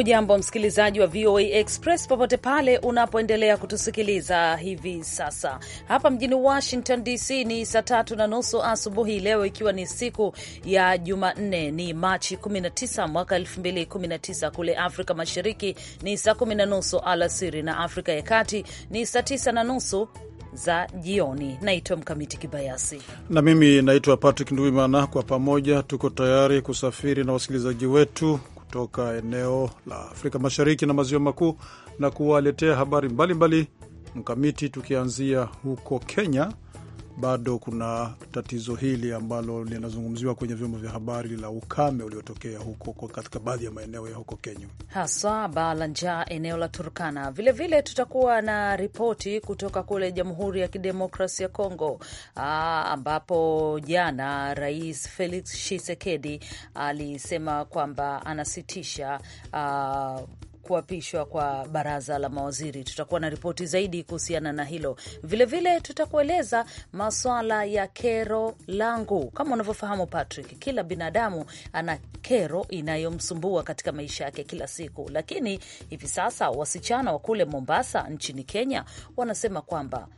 Hujambo msikilizaji wa VOA Express popote pale unapoendelea kutusikiliza hivi sasa. Hapa mjini Washington DC ni saa tatu na nusu asubuhi leo, ikiwa ni siku ya Jumanne, ni Machi 19 mwaka 2019. Kule Afrika Mashariki ni saa kumi na nusu alasiri na Afrika ya Kati ni saa tisa na nusu za jioni. Naitwa Mkamiti Kibayasi na mimi naitwa Patrick Nduimana. Kwa pamoja tuko tayari kusafiri na wasikilizaji wetu kutoka eneo la Afrika Mashariki na Maziwa Makuu na kuwaletea habari mbalimbali mbali. Mkamiti, tukianzia huko Kenya bado kuna tatizo hili ambalo linazungumziwa kwenye vyombo vya habari la ukame uliotokea huko katika baadhi ya maeneo ya huko Kenya, haswa baa la njaa eneo la Turkana. Vilevile vile tutakuwa na ripoti kutoka kule Jamhuri ya Kidemokrasia ya Kongo, ah, ambapo jana Rais Felix Tshisekedi alisema kwamba anasitisha aa, ah, kuapishwa kwa baraza la mawaziri. Tutakuwa na ripoti zaidi kuhusiana na hilo. Vilevile tutakueleza maswala ya kero langu. Kama unavyofahamu Patrick, kila binadamu ana kero inayomsumbua katika maisha yake kila siku, lakini hivi sasa wasichana wa kule Mombasa nchini Kenya wanasema kwamba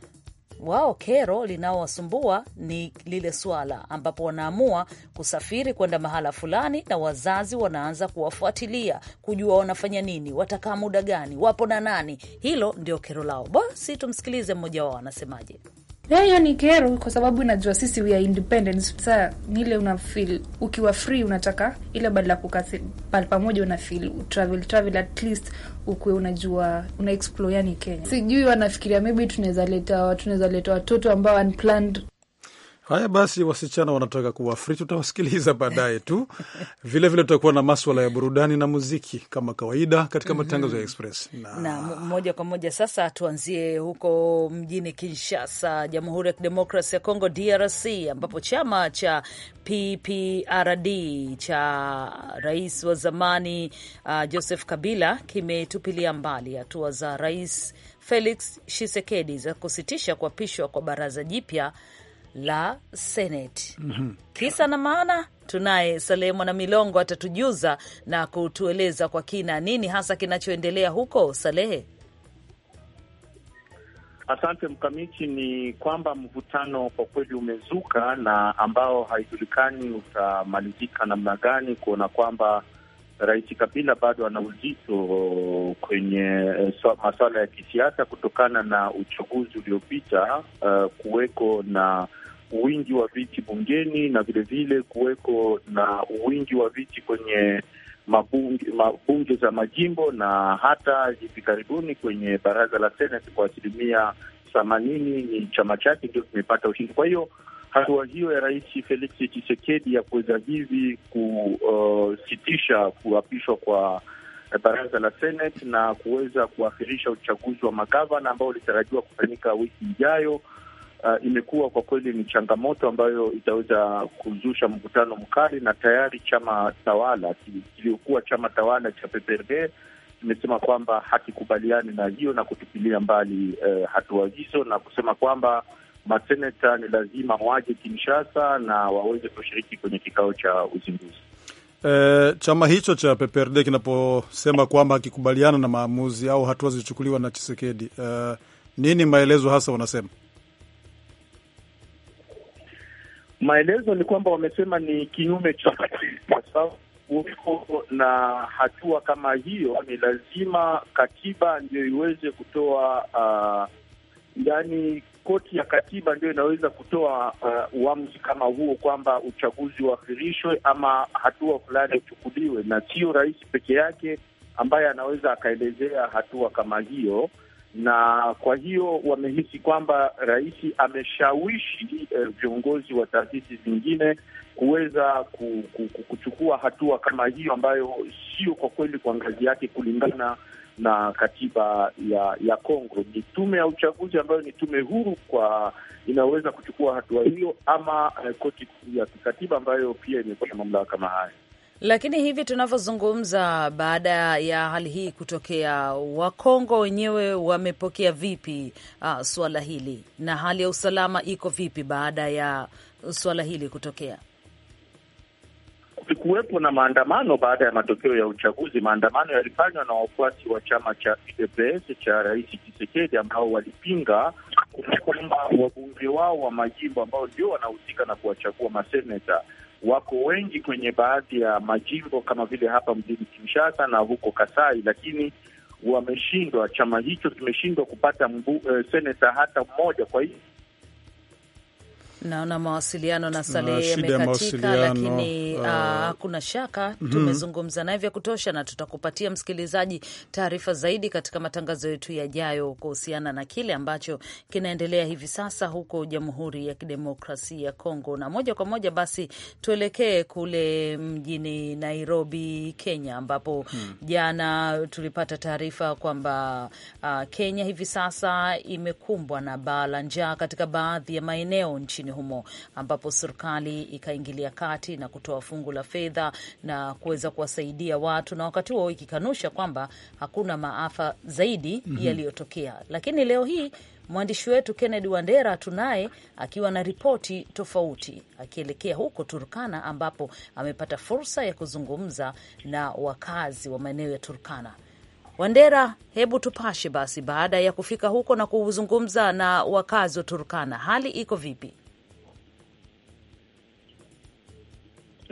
wao kero linaowasumbua ni lile swala ambapo wanaamua kusafiri kwenda mahala fulani, na wazazi wanaanza kuwafuatilia kujua wanafanya nini, watakaa muda gani, wapo na nani. Hilo ndio kero lao. Basi tumsikilize mmoja wao anasemaje. Hiyo ni kero, kwa sababu najua sisi we are independent. nile una feel ukiwa free, unataka ile badala kukaa pale pamoja, una feel travel travel, at least ukuwe unajua una explore yani Kenya. Sijui wanafikiria maybe tunaweza leta tunaweza leta watoto ambao unplanned Haya basi, wasichana wanataka kuwa free, tutawasikiliza baadaye tu. Vilevile tutakuwa na maswala ya burudani na muziki kama kawaida katika mm -hmm. matangazo ya mhm. Express na... na moja kwa moja sasa tuanzie huko mjini Kinshasa, Jamhuri ya Kidemokrasi ya Kongo, DRC, ambapo chama cha PPRD cha rais wa zamani uh, Joseph Kabila kimetupilia mbali hatua za rais Felix Tshisekedi za kusitisha kuapishwa kwa baraza jipya la Seneti. mm -hmm. Kisa na maana, tunaye Salehe Mwana Milongo atatujuza na kutueleza kwa kina nini hasa kinachoendelea huko. Salehe. Asante Mkamiti, ni kwamba mvutano kwa kweli umezuka na ambao haijulikani utamalizika namna gani, kuona kwamba Rais Kabila bado ana uzito kwenye eh, so, masuala ya kisiasa kutokana na uchaguzi uliopita, uh, kuweko na wingi wa viti bungeni na vilevile kuweko na wingi wa viti kwenye mabunge, za majimbo na hata hivi karibuni kwenye baraza la Senate kwa asilimia themanini ni chama chake ndio kimepata ushindi. Kwa hiyo hatua hiyo ya Rais Felix Tshisekedi ya kuweza hivi kusitisha uh, kuapishwa kwa baraza la Senate na kuweza kuahirisha uchaguzi wa magavana ambao ulitarajiwa kufanyika wiki ijayo uh, imekuwa kwa kweli ni changamoto ambayo itaweza kuzusha mkutano mkali, na tayari chama tawala kiliokuwa chama tawala cha PPRD kimesema kwamba hakikubaliani na hiyo na kutupilia mbali uh, hatua hizo na kusema kwamba maseneta ni lazima waje Kinshasa na waweze kushiriki kwenye kikao cha uzinduzi. E, chama hicho cha PPRD kinaposema kwamba hakikubaliana na maamuzi au hatua zilichukuliwa na Chisekedi, e, eh, nini maelezo hasa wanasema? Maelezo ni kwamba wamesema ni kinyume cha kwa sababu na hatua kama hiyo, ni lazima katiba ndio iweze kutoa uh, yani koti ya katiba ndio inaweza kutoa uh, uamuzi kama huo kwamba uchaguzi uahirishwe ama hatua fulani ichukuliwe, na sio rais peke yake ambaye anaweza akaelezea hatua kama hiyo na kwa hiyo wamehisi kwamba rais ameshawishi eh, viongozi wa taasisi zingine kuweza kuchukua hatua kama hiyo ambayo sio kwa kweli kwa ngazi yake kulingana na katiba ya ya Kongo. Ni tume ya uchaguzi ambayo ni tume huru kwa inaweza kuchukua hatua hiyo ama eh, koti ya kikatiba ambayo pia imepata mamlaka kama haya. Lakini hivi tunavyozungumza, baada ya hali hii kutokea, Wakongo wenyewe wamepokea vipi uh, suala hili na hali ya usalama iko vipi baada ya suala hili kutokea? Kulikuwepo na maandamano baada ya matokeo ya uchaguzi. Maandamano yalifanywa na wafuasi wa chama cha UDPS cha Rais chisekedi ambao walipinga kwamba wabunge wao wa majimbo ambao ndio wanahusika na kuwachagua maseneta wako wengi kwenye baadhi ya majimbo kama vile hapa mjini Kinshasa na huko Kasai, lakini wameshindwa, chama hicho kimeshindwa kupata mbu, e, seneta hata mmoja. Kwa hiyo Naona mawasiliano na Salehe yamekatika, lakini uh, ah, hakuna uh, shaka mhm. tumezungumza naye vya kutosha, na tutakupatia msikilizaji taarifa zaidi katika matangazo yetu yajayo kuhusiana na kile ambacho kinaendelea hivi sasa huko Jamhuri ya Kidemokrasia ya Kongo. Na moja kwa moja basi tuelekee kule mjini Nairobi, Kenya, ambapo hmm, jana tulipata taarifa kwamba uh, Kenya hivi sasa imekumbwa na baa la njaa katika baadhi ya maeneo nchini humo, ambapo serikali ikaingilia kati na kutoa fungu la fedha na kuweza kuwasaidia watu, na wakati huo ikikanusha kwamba hakuna maafa zaidi mm -hmm. yaliyotokea. Lakini leo hii mwandishi wetu Kennedy Wandera tunaye akiwa na ripoti tofauti, akielekea huko Turkana ambapo amepata fursa ya kuzungumza na wakazi wa maeneo ya Turkana. Wandera, hebu tupashe basi, baada ya kufika huko na kuzungumza na wakazi wa Turkana, hali iko vipi?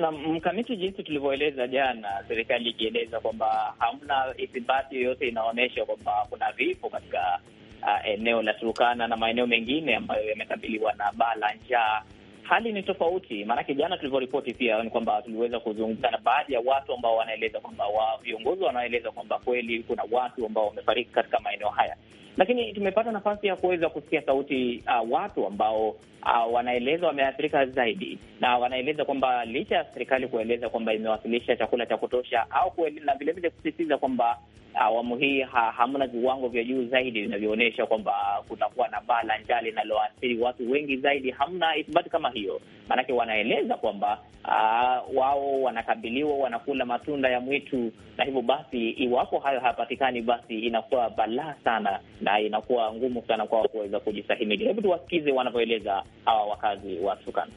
na mkamiti, jinsi tulivyoeleza jana, serikali ikieleza kwamba hamna ithibati yoyote inaonyesha kwamba kuna vifo katika uh, eneo la Turukana na maeneo mengine ambayo yamekabiliwa na baa la njaa. Hali ni tofauti, maanake jana tulivyoripoti pia ni kwamba tuliweza kuzungumza na baadhi ya watu ambao wanaeleza kwamba wa viongozi wanaeleza kwamba kweli kuna watu ambao wamefariki katika maeneo haya lakini tumepata nafasi ya kuweza kusikia sauti uh, watu ambao uh, wanaeleza wameathirika zaidi, na wanaeleza kwamba licha ya serikali kueleza kwamba imewasilisha chakula cha kutosha au na vilevile kusisitiza kwamba ah, awamu hii ha, hamna viwango vya juu zaidi vinavyoonyesha kwamba kutakuwa na baa la njaa linaloathiri watu wengi zaidi. Hamna ithibati kama hiyo, maanake wanaeleza kwamba uh, wao wanakabiliwa, wanakula matunda ya mwitu, na hivyo basi, iwapo hayo hayapatikani, basi inakuwa balaa sana na inakuwa ngumu sana kwao kuweza kujistahimili. Hebu tuwasikize wanavyoeleza hawa wakazi wa Sukan.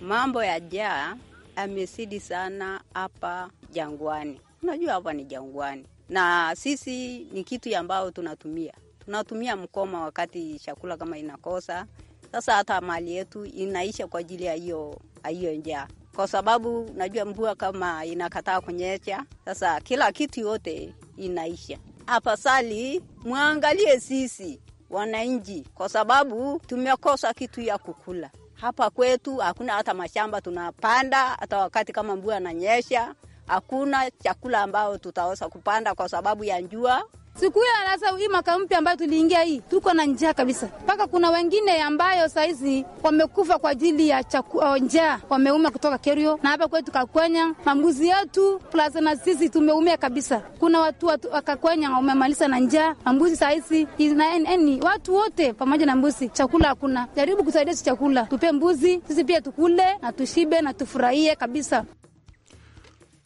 Mambo ya jaa amesidi sana hapa jangwani. Unajua hapa ni jangwani, na sisi ni kitu ambayo tunatumia tunatumia mkoma wakati chakula kama inakosa. Sasa hata mali yetu inaisha kwa ajili ya hiyo hiyo njaa, kwa sababu najua mvua kama inakataa kunyesha, sasa kila kitu yote inaisha afasali mwangalie sisi wananchi, kwa sababu tumekosa kitu ya kukula hapa kwetu. Hakuna hata mashamba tunapanda, hata wakati kama mvua ananyesha, hakuna chakula ambayo tutaweza kupanda kwa sababu ya njua. Siku hiyo anasa hii mwaka mpya ambayo tuliingia hii, tuko na njaa kabisa, mpaka kuna wengine ambayo saizi wamekufa kwa ajili ya uh, njaa, wameuma kutoka Kerio na hapa kwetu Kakwenya, mambuzi yetu plus na sisi tumeumia kabisa. Kuna watu wakakwenya wamemaliza na njaa, mambuzi saizi ni watu wote pamoja na mbuzi, chakula hakuna. Jaribu kusaidia chakula, tupe mbuzi sisi pia tukule na tushibe na tufurahie kabisa.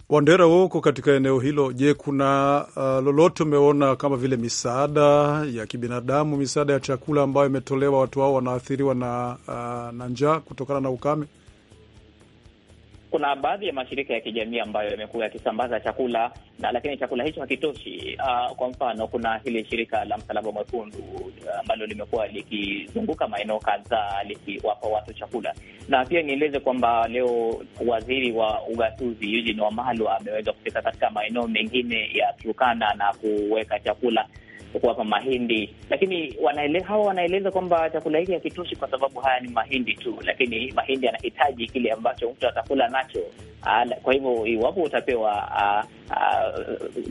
Wandera, huko katika eneo hilo. Je, kuna uh, lolote umeona kama vile misaada ya kibinadamu, misaada ya chakula ambayo imetolewa watu hao wanaathiriwa na, uh, na njaa kutokana na ukame? kuna baadhi ya mashirika ya kijamii ambayo yamekuwa yakisambaza chakula na lakini chakula hicho hakitoshi. Uh, kwa mfano kuna hili shirika la Msalaba Mwekundu ah, ambalo uh, limekuwa likizunguka maeneo kadhaa likiwapa watu chakula. Na pia nieleze kwamba leo waziri wa ugatuzi Eugene Wamalwa ameweza kufika katika maeneo mengine ya Turkana na kuweka chakula kuwapa mahindi, lakini wanaele, hawa wanaeleza kwamba chakula hiki hakitoshi kwa sababu haya ni mahindi tu, lakini mahindi yanahitaji kile ambacho mtu atakula nacho. Ah, kwa hivyo iwapo utapewa ah, ah,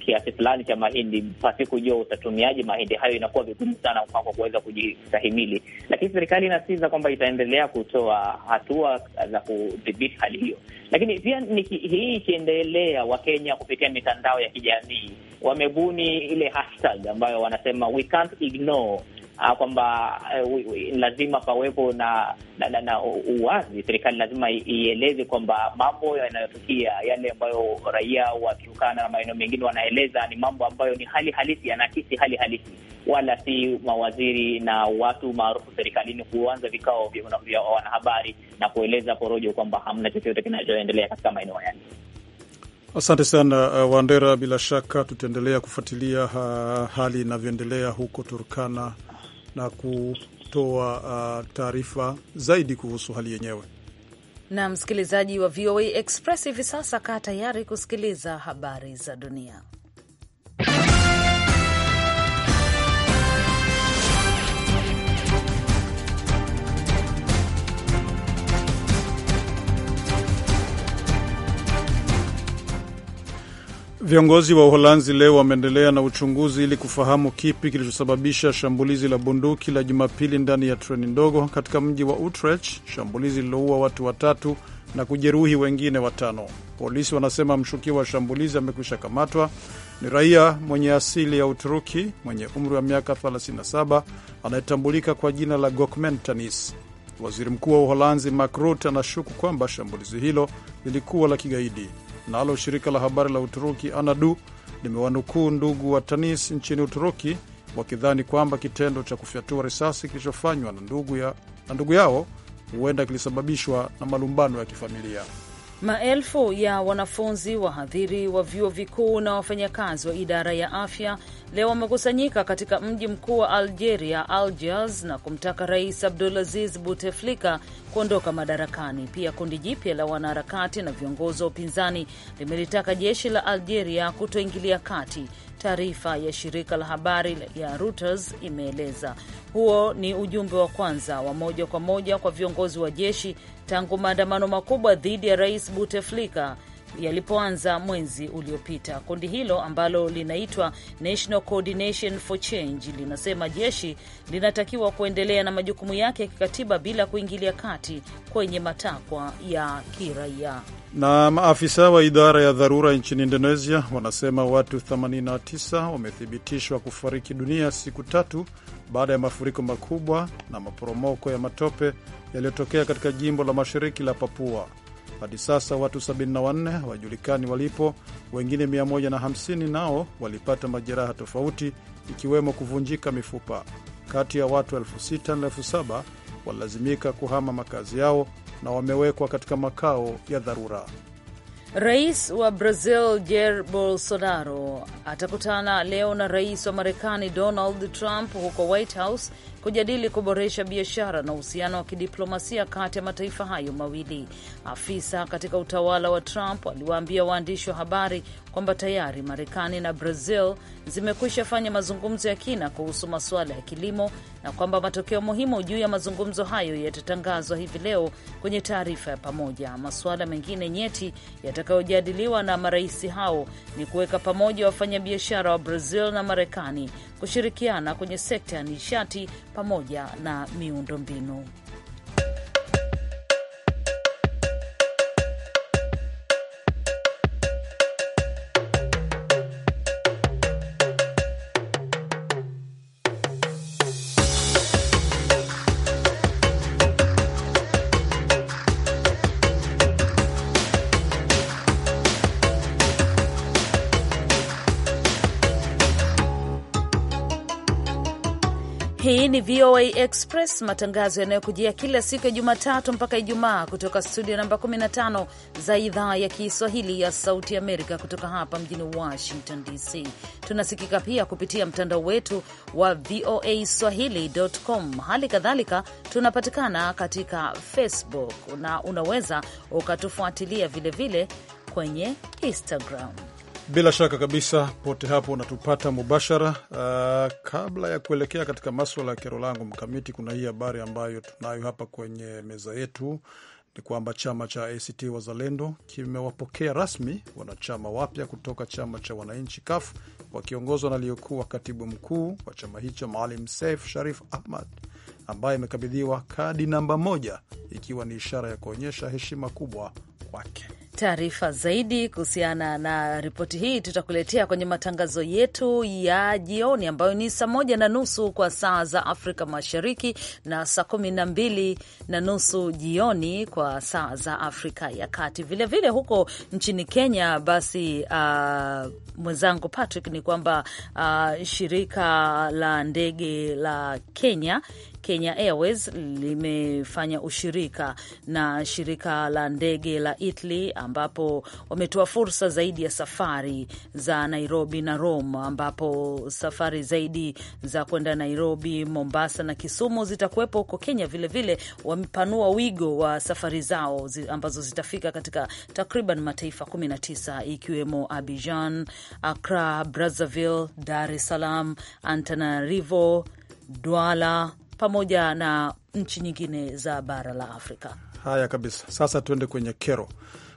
kiasi fulani cha mahindi pasi kujua utatumiaje mahindi hayo, inakuwa vigumu sana kwako kuweza kujistahimili. Lakini serikali inasisitiza kwamba itaendelea kutoa hatua za kudhibiti hali hiyo, lakini pia hii ikiendelea, Wakenya kupitia mitandao ya kijamii wamebuni ile hashtag ambayo wanasema we can't ignore ah, kwamba eh, lazima pawepo na, na, na, na uwazi. Serikali lazima ieleze kwamba mambo yanayotukia yale ambayo raia wakiukana na maeneo mengine wanaeleza ni mambo ambayo ni hali halisi, yanaakisi hali halisi, wala si mawaziri na watu maarufu serikalini kuanza vikao vya wanahabari na kueleza porojo kwamba hamna chochote kinachoendelea katika maeneo yale. Asante sana uh, Wandera, bila shaka tutaendelea kufuatilia uh, hali inavyoendelea huko Turkana na kutoa uh, taarifa zaidi kuhusu hali yenyewe. Na msikilizaji wa VOA Express, hivi sasa kaa tayari kusikiliza habari za dunia. Viongozi wa Uholanzi leo wameendelea na uchunguzi ili kufahamu kipi kilichosababisha shambulizi la bunduki la Jumapili ndani ya treni ndogo katika mji wa Utrecht, shambulizi lililoua watu watatu na kujeruhi wengine watano. Polisi wanasema mshukiwa wa shambulizi amekwisha kamatwa. Ni raia mwenye asili ya Uturuki mwenye umri wa miaka 37 anayetambulika kwa jina la Gokmen Tanis. Waziri Mkuu wa Uholanzi Mark Rutte anashuku kwamba shambulizi hilo lilikuwa la kigaidi. Nalo shirika la habari la Uturuki anadu limewanukuu ndugu wa Tanis nchini Uturuki wakidhani kwamba kitendo cha kufyatua risasi kilichofanywa na ndugu, ya, na ndugu yao huenda kilisababishwa na malumbano ya kifamilia. Maelfu ya wanafunzi, wahadhiri wa vyuo vikuu na wafanyakazi wa idara ya afya leo wamekusanyika katika mji mkuu wa Algeria, Algiers, na kumtaka Rais Abdulaziz Buteflika kuondoka madarakani. Pia kundi jipya la wanaharakati na viongozi wa upinzani limelitaka jeshi la Algeria kutoingilia kati. Taarifa ya shirika la habari ya Reuters imeeleza huo ni ujumbe wa kwanza wa moja kwa moja kwa viongozi wa jeshi tangu maandamano makubwa dhidi ya Rais Buteflika yalipoanza mwezi uliopita. Kundi hilo ambalo linaitwa National Coordination for Change linasema jeshi linatakiwa kuendelea na majukumu yake ya kikatiba bila kuingilia kati kwenye matakwa ya kiraia. Na maafisa wa idara ya dharura nchini Indonesia wanasema watu 89 wamethibitishwa kufariki dunia siku tatu baada ya mafuriko makubwa na maporomoko ya matope yaliyotokea katika jimbo la mashariki la Papua. Hadi sasa watu 74 hawajulikani walipo, wengine 150 nao walipata majeraha tofauti, ikiwemo kuvunjika mifupa. Kati ya watu 67 na walilazimika kuhama makazi yao na wamewekwa katika makao ya dharura. Rais wa Brazil Jair Bolsonaro atakutana leo na rais wa Marekani Donald Trump huko White House kujadili kuboresha biashara na uhusiano wa kidiplomasia kati ya mataifa hayo mawili. Afisa katika utawala wa Trump aliwaambia waandishi wa habari kwamba tayari Marekani na Brazil zimekwisha fanya mazungumzo ya kina kuhusu masuala ya kilimo na kwamba matokeo muhimu juu ya mazungumzo hayo yatatangazwa hivi leo kwenye taarifa ya pamoja. Masuala mengine nyeti yatakayojadiliwa na marais hao ni kuweka pamoja wafanyabiashara wa Brazil na Marekani kushirikiana kwenye sekta ya nishati pamoja na miundombinu. VOA Express, matangazo yanayokujia kila siku ya Jumatatu mpaka Ijumaa kutoka studio namba 15 za idhaa ya Kiswahili ya Sauti Amerika kutoka hapa mjini Washington DC. Tunasikika pia kupitia mtandao wetu wa VOA Swahili.com. Hali kadhalika tunapatikana katika Facebook na unaweza ukatufuatilia vilevile kwenye Instagram. Bila shaka kabisa, pote hapo unatupata mubashara. Uh, kabla ya kuelekea katika maswala ya kero langu Mkamiti, kuna hii habari ambayo tunayo hapa kwenye meza yetu ni kwamba chama cha ACT Wazalendo kimewapokea rasmi wanachama wapya kutoka chama cha wananchi KAF wakiongozwa na aliyekuwa katibu mkuu wa chama hicho Maalim Seif Sharif Ahmad ambaye amekabidhiwa kadi namba moja ikiwa ni ishara ya kuonyesha heshima kubwa kwake. Taarifa zaidi kuhusiana na ripoti hii tutakuletea kwenye matangazo yetu ya jioni ambayo ni saa moja na nusu kwa saa za Afrika Mashariki na saa kumi na mbili na nusu jioni kwa saa za Afrika ya Kati. Vilevile vile huko nchini Kenya, basi uh, mwenzangu Patrick, ni kwamba uh, shirika la ndege la Kenya Kenya Airways limefanya ushirika na shirika la ndege la Italy ambapo wametoa fursa zaidi ya safari za Nairobi na Rome, ambapo safari zaidi za kwenda Nairobi, Mombasa na Kisumu zitakuwepo huko Kenya. Vilevile wamepanua wigo wa safari zao zi, ambazo zitafika katika takriban mataifa 19 ikiwemo Abidjan, Accra, Brazzaville, Dar es Salaam, Antananarivo, Douala pamoja na nchi nyingine za bara la Afrika. Haya kabisa, sasa tuende kwenye kero.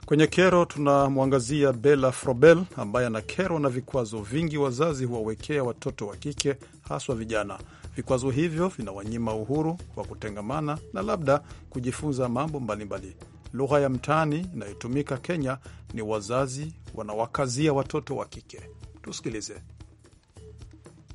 Kwenye kero tunamwangazia bela Frobel ambaye ana kero na vikwazo vingi wazazi huwawekea watoto wa kike, haswa vijana. Vikwazo hivyo vinawanyima uhuru wa kutengamana na labda kujifunza mambo mbalimbali. Lugha ya mtaani inayotumika Kenya ni wazazi wanawakazia watoto wa kike. Tusikilize.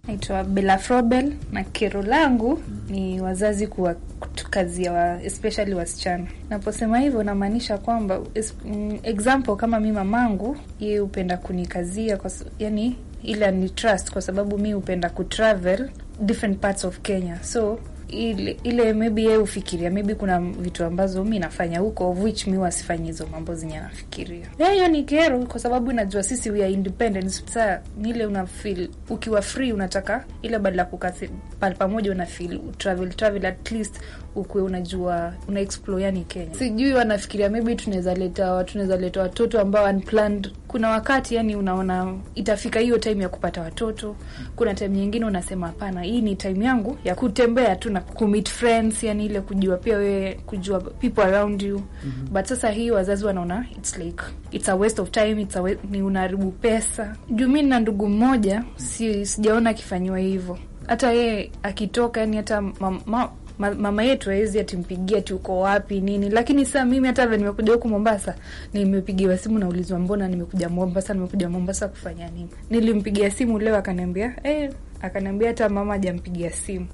Naitwa Bela Frobel na kero langu ni wazazi kuwa kutukazia wa, especially wasichana. Naposema hivyo namaanisha kwamba mm, example kama mi mamangu yeye hupenda kunikazia kwa, yani ila ni trust kwa sababu mi hupenda kutravel different parts of Kenya so ile, ile maybe yeye ufikiria maybe kuna vitu ambazo mi nafanya huko of which mi wasifanyi hizo mambo zenye anafikiria. Yaani hiyo ni kero, kwa sababu najua sisi we are independent. Saa nile una feel ukiwa free, unataka ile badala kukasi pale pamoja, una feel travel travel, at least ukwe unajua una explore yani Kenya. Sijui wanafikiria maybe tunaweza leta tunaweza leta watoto ambao unplanned kuna wakati yani unaona itafika hiyo time ya kupata watoto. Kuna time nyingine unasema hapana, hii ni time yangu ya kutembea tu na kumeet friends, yani ile kujua pia wewe kujua people around you mm -hmm. But sasa hii wazazi wanaona it's like it's a waste of time, it's a ni unaharibu pesa. Juu mimi na ndugu mmoja si, sijaona akifanyiwa hivyo hata yeye akitoka yani hata mama, mama yetu hawezi atimpigia ati uko wapi nini, lakini saa mimi hata vile nimekuja huku Mombasa nimepigiwa simu naulizwa, mbona nimekuja Mombasa, nimekuja Mombasa kufanya nini? Nilimpigia simu leo akaniambia eh, akaniambia hata mama hajampigia simu.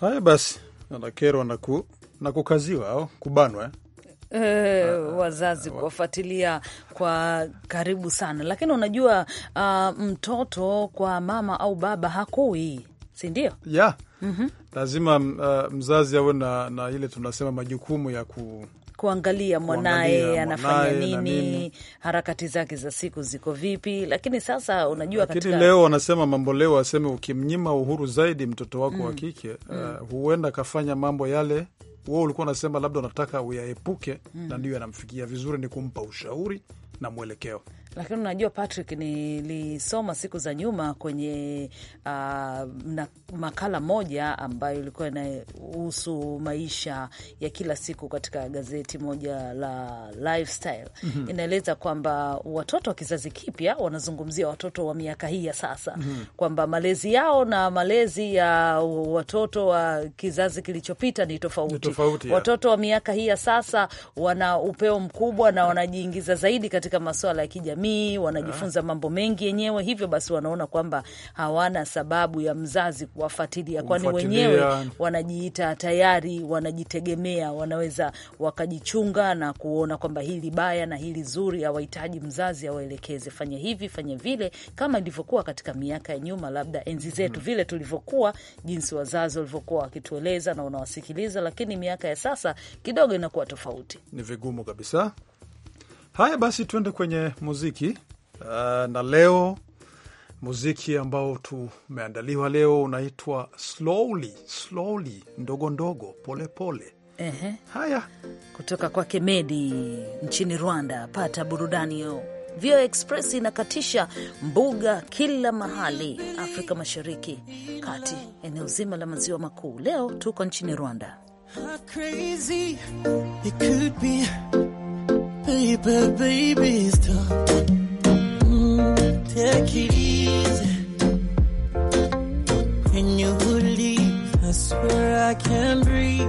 Haya basi, anakerwa na ku na kukaziwa au kubanwa eh? E, wazazi ah, kuwafuatilia kwa karibu sana, lakini unajua uh, mtoto kwa mama au baba hakui, si ndio? yeah. -hmm. lazima uh, mzazi awe na, na ile tunasema majukumu ya ku kuangalia mwanaye anafanya nini, harakati zake za siku ziko vipi. Lakini sasa unajua, lakini katika... leo wanasema mambo leo aseme, ukimnyima uhuru zaidi mtoto wako mm. wa kike uh, mm. uh, huenda akafanya mambo yale wo ulikuwa unasema labda unataka uyaepuke mm. na ndiyo yanamfikia vizuri, ni kumpa ushauri na mwelekeo. Lakini unajua Patrick, nilisoma siku za nyuma kwenye uh, na, makala moja ambayo ilikuwa inahusu maisha ya kila siku katika gazeti moja la Lifestyle. mm -hmm. Inaeleza kwamba watoto wa kizazi kipya wanazungumzia watoto wa miaka hii ya sasa mm -hmm. kwamba malezi yao na malezi ya watoto wa kizazi kilichopita ni tofauti, ni tofauti watoto wa miaka hii ya sasa wana upeo mkubwa na wanajiingiza zaidi katika masuala ya kijamii jamii, wanajifunza ah. mambo mengi yenyewe. Hivyo basi wanaona kwamba hawana sababu ya mzazi kuwafatilia kwani wenyewe wanajiita tayari wanajitegemea, wanaweza wakajichunga na kuona kwamba hili baya na hili zuri. Hawahitaji mzazi awaelekeze, fanya hivi, fanya vile, kama ilivyokuwa katika miaka ya nyuma, labda enzi mm-hmm. zetu mm, vile tulivyokuwa, jinsi wazazi walivyokuwa wakitueleza na unawasikiliza, lakini miaka ya sasa kidogo inakuwa tofauti, ni vigumu kabisa. Haya basi, tuende kwenye muziki uh, na leo muziki ambao tumeandaliwa leo unaitwa slowly slowly, ndogo ndogo, polepole. Ehe, haya kutoka kwake Medi nchini Rwanda. Pata burudani yo. VOA Express inakatisha mbuga kila mahali Afrika Mashariki, kati, eneo zima la maziwa makuu. Leo tuko nchini Rwanda. How crazy it could be. Baby, baby, stop. Mm, take it easy. When you leave, I swear I can't breathe.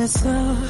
myself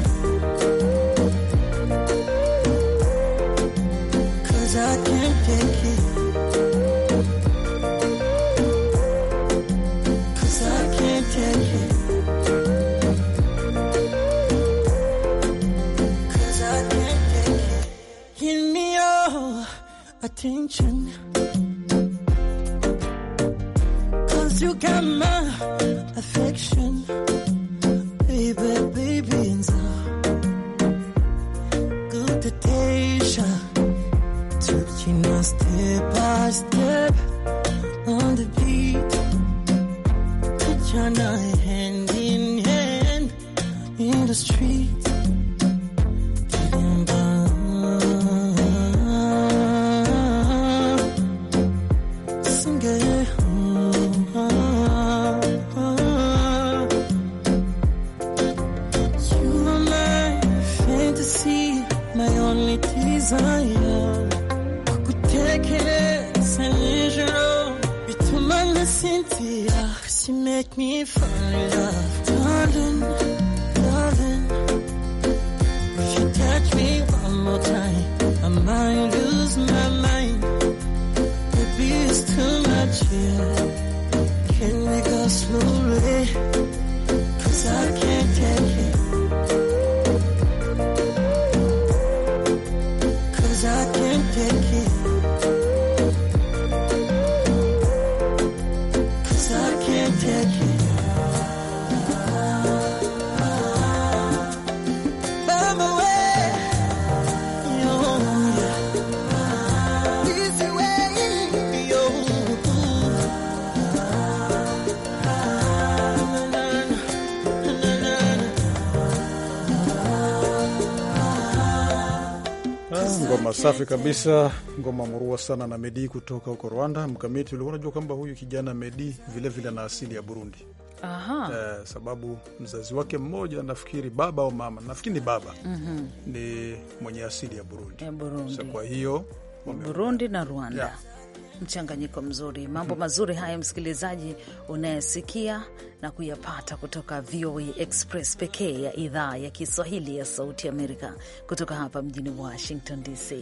attention. Cause you got my affection, baby, baby, and so good to Tasha. Took you now step by step on the beat. Touch your night. me further Safi kabisa, ngoma murua sana na Medi kutoka huko Rwanda. Mkamiti, ulikuwa unajua kwamba huyu kijana Medi vilevile ana asili ya Burundi? Aha. Eh, sababu mzazi wake mmoja nafikiri baba au mama, nafikiri ni baba mm -hmm. ni mwenye asili ya Burundi, Burundi. kwa hiyo Burundi na Rwanda yeah mchanganyiko mzuri, mambo mazuri haya, msikilizaji, unayesikia na kuyapata kutoka VOA e Express pekee ya idhaa ya Kiswahili ya Sauti Amerika, kutoka hapa mjini Washington DC.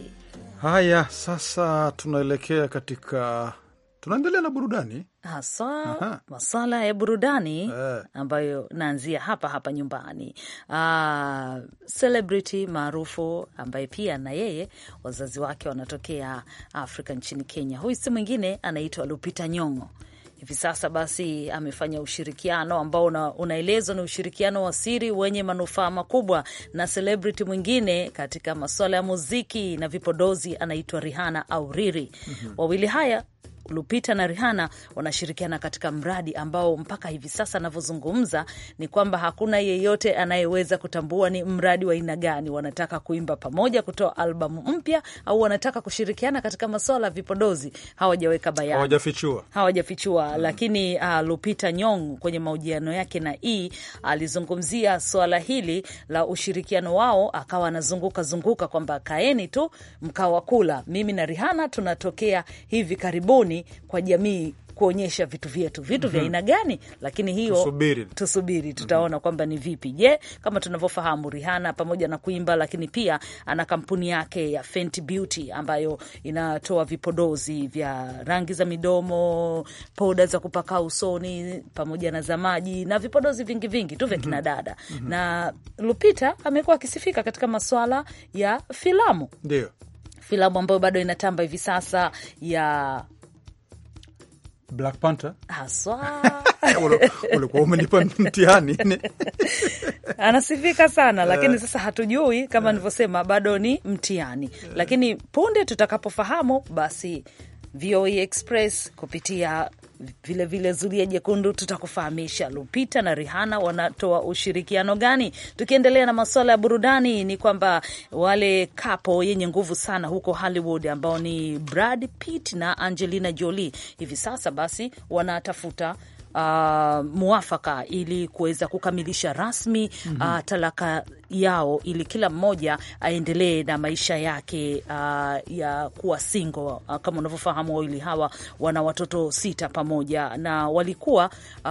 Haya, sasa tunaelekea katika Tunaendelea na burudani haswa maswala ya burudani eh, ambayo naanzia hapa hapa nyumbani. Uh, celebrity maarufu ambaye pia na yeye wazazi wake wanatokea Afrika nchini Kenya, huyu si mwingine anaitwa Lupita Nyong'o. Hivi sasa basi amefanya ushirikiano ambao unaelezwa ni ushirikiano wa siri wenye manufaa makubwa na celebrity mwingine katika masuala ya muziki na vipodozi, anaitwa Rihanna au Riri. mm -hmm. Wawili haya Lupita na Rihanna wanashirikiana katika mradi ambao mpaka hivi sasa anavyozungumza ni kwamba hakuna yeyote anayeweza kutambua ni mradi wa aina gani. Wanataka kuimba pamoja, kutoa albamu mpya, au wanataka kushirikiana katika masuala ya vipodozi. Hawajaweka bayana, hawajafichua, hawajafichua. Mm. Lakini uh, Lupita Nyong kwenye mahojiano yake na E alizungumzia swala hili la ushirikiano wao, akawa anazunguka zunguka kwamba kaeni tu mkawakula, mimi na Rihanna tunatokea hivi karibuni rasmi kwa jamii kuonyesha vitu vyetu vitu mm -hmm. vya mhm. aina gani, lakini hiyo tusubiri, tusubiri mhm. tutaona mm -hmm. kwamba ni vipi. Je, kama tunavyofahamu Rihanna pamoja na kuimba, lakini pia ana kampuni yake ya Fenty Beauty ambayo inatoa vipodozi vya rangi za midomo, poda za kupaka usoni pamoja na za maji na vipodozi vingi vingi tu vya mm -hmm. kinadada mm -hmm. na Lupita amekuwa akisifika katika maswala ya filamu, ndio filamu ambayo bado inatamba hivi sasa ya Black Panther haswa ulikuwa umenipa mtihani anasifika sana lakini uh, sasa hatujui kama uh, nilivyosema bado ni mtihani uh, lakini punde tutakapofahamu basi VOA e Express kupitia vilevile zulia jekundu tutakufahamisha Lupita na Rihana wanatoa ushirikiano gani. Tukiendelea na masuala ya burudani, ni kwamba wale kapo yenye nguvu sana huko Hollywood ambao ni Brad Pitt na Angelina Jolie hivi sasa basi wanatafuta uh, mwafaka ili kuweza kukamilisha rasmi mm -hmm. uh, talaka yao ili kila mmoja aendelee na maisha yake uh, ya kuwa single. Uh, kama unavyofahamu wawili hawa wana watoto sita pamoja na walikuwa uh,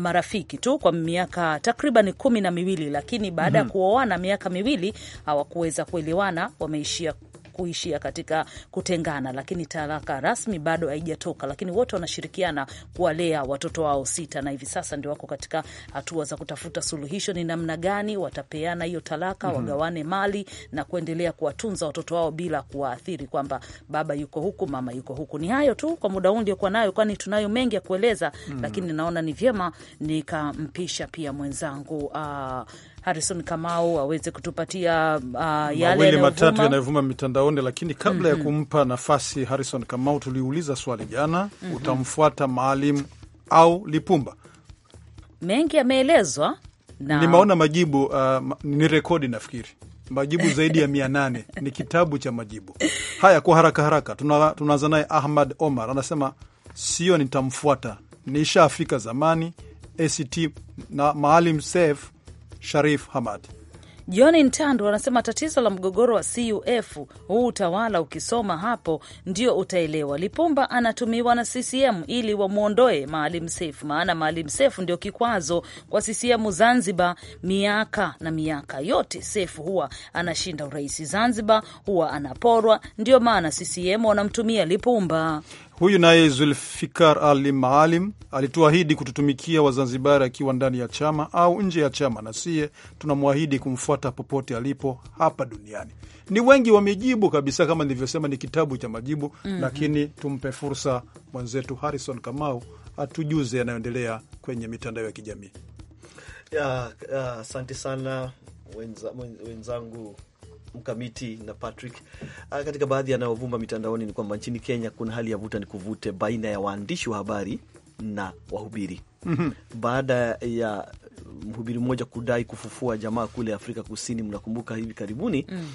marafiki tu kwa miaka takriban kumi na miwili, lakini baada ya mm -hmm. kuoana miaka miwili hawakuweza kuelewana, wameishia kuishia katika kutengana, lakini talaka rasmi bado haijatoka, lakini wote wanashirikiana kuwalea watoto wao sita, na hivi sasa ndio wako katika hatua za kutafuta suluhisho, ni namna gani watapeana hiyo talaka, mm -hmm. wagawane mali na kuendelea kuwatunza watoto wao bila kuwaathiri kwamba baba yuko huku mama yuko huku. Ni hayo tu kwa muda huu ndiokuwa nayo, kwani tunayo mengi ya kueleza mm -hmm. lakini naona ni vyema nikampisha pia mwenzangu uh, Harison Kamau aweze kutupatia uh, yale matatu yanayovuma mitandaoni. Lakini kabla mm -hmm. ya mhm. kumpa nafasi harison Kamau, tuliuliza swali jana mm -hmm. utamfuata Maalim au Lipumba? Mengi yameelezwa na nimeona majibu uh, ni rekodi nafikiri majibu zaidi ya mia nane ni kitabu cha majibu haya. Kwa haraka haraka, tunaanza naye Ahmad Omar anasema sio, nitamfuata nishafika zamani. ACT na Maalim Seif Sharif Hamad. John Ntandu anasema tatizo la mgogoro wa CUF, huu utawala ukisoma hapo ndio utaelewa. Lipumba anatumiwa na CCM ili wamwondoe Maalim Seif, maana Maalim Seif ndio kikwazo kwa CCM Zanzibar. Miaka na miaka yote Seif huwa anashinda urais Zanzibar, huwa anaporwa, ndio maana CCM wanamtumia Lipumba. Huyu naye Zulfikar Ali Maalim alituahidi kututumikia Wazanzibari akiwa ndani ya chama au nje ya chama, na siye tunamwahidi kumfuata popote alipo hapa duniani. Ni wengi wamejibu kabisa, kama nilivyosema, ni kitabu cha majibu mm -hmm. Lakini tumpe fursa mwenzetu Harrison Kamau atujuze yanayoendelea kwenye mitandao ya kijamii. Asante sana wenzangu wenza Mkamiti na Patrick. Ah, katika baadhi yanayovuma mitandaoni ni kwamba nchini Kenya kuna hali ya vuta ni kuvute baina ya waandishi wa habari na wahubiri mhm. baada ya mhubiri mmoja kudai kufufua jamaa kule Afrika Kusini, mnakumbuka hivi karibuni mm.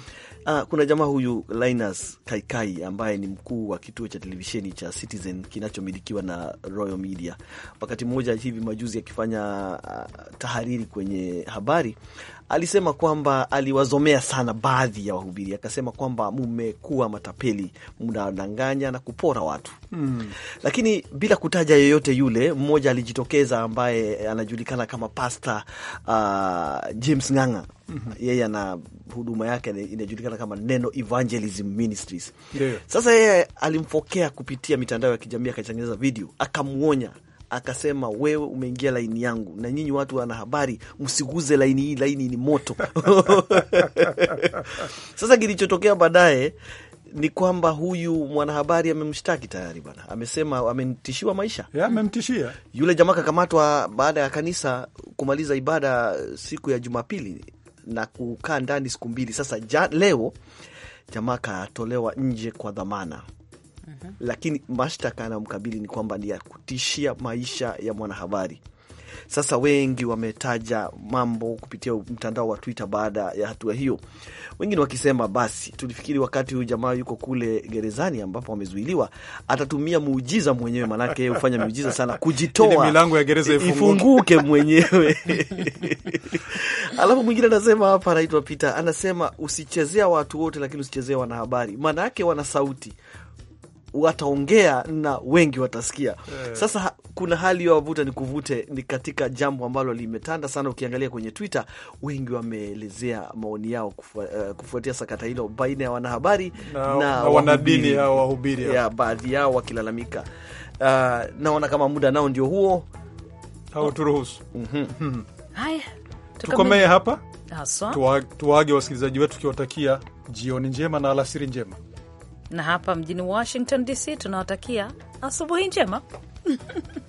Uh, kuna jamaa huyu Linus Kaikai ambaye ni mkuu wa kituo cha televisheni cha Citizen kinachomilikiwa na Royal Media, wakati mmoja hivi majuzi akifanya uh, tahariri kwenye habari alisema kwamba aliwazomea sana baadhi ya wahubiri, akasema kwamba mmekuwa matapeli, mnadanganya na kupora watu hmm. Lakini bila kutaja yeyote yule, mmoja alijitokeza ambaye anajulikana kama Pasta uh, James Ng'ang'a hmm. Yeye ana huduma yake inajulikana kama Neno Evangelism Ministries. Sasa yeye alimfokea kupitia mitandao ya kijamii, akatengeneza video, akamwonya akasema wewe umeingia laini yangu, na nyinyi watu wanahabari msiguze laini hii, laini ni moto. Sasa kilichotokea baadaye ni kwamba huyu mwanahabari amemshtaki tayari bwana, amesema amemtishiwa maisha, amemtishia yule jamaa. Kakamatwa baada ya kanisa kumaliza ibada siku ya Jumapili na kukaa ndani siku mbili. Sasa ja, leo jamaa katolewa nje kwa dhamana Mhm. Lakini mashtaka anayomkabili ni kwamba ni ya kutishia maisha ya mwanahabari. Sasa wengi wametaja mambo kupitia mtandao wa Twitter baada ya hatua hiyo, wengine wakisema basi, tulifikiri wakati huyu jamaa yuko kule gerezani ambapo amezuiliwa atatumia muujiza mwenyewe, maanake hufanya miujiza sana, kujitoa milango ya gereza ifunguke mwenyewe alafu mwingine anasema hapa, anaitwa Peter, anasema usichezea watu wote, lakini usichezea wanahabari, maanake wana sauti wataongea na wengi watasikia. Yeah. Sasa kuna hali ya wavuta ni kuvute, ni katika jambo ambalo limetanda sana. Ukiangalia kwenye Twitter, wengi wameelezea maoni yao eh, kufuatia sakata hilo baina ya wanahabari na, na wanadini hao wahubiri, ya baadhi yao wakilalamika. Uh, naona kama muda nao ndio huo hauturuhusu. mm -hmm. tukomee hapa, tuwaage wasikilizaji wetu tukiwatakia jioni njema na alasiri njema na hapa mjini Washington DC tunawatakia asubuhi njema.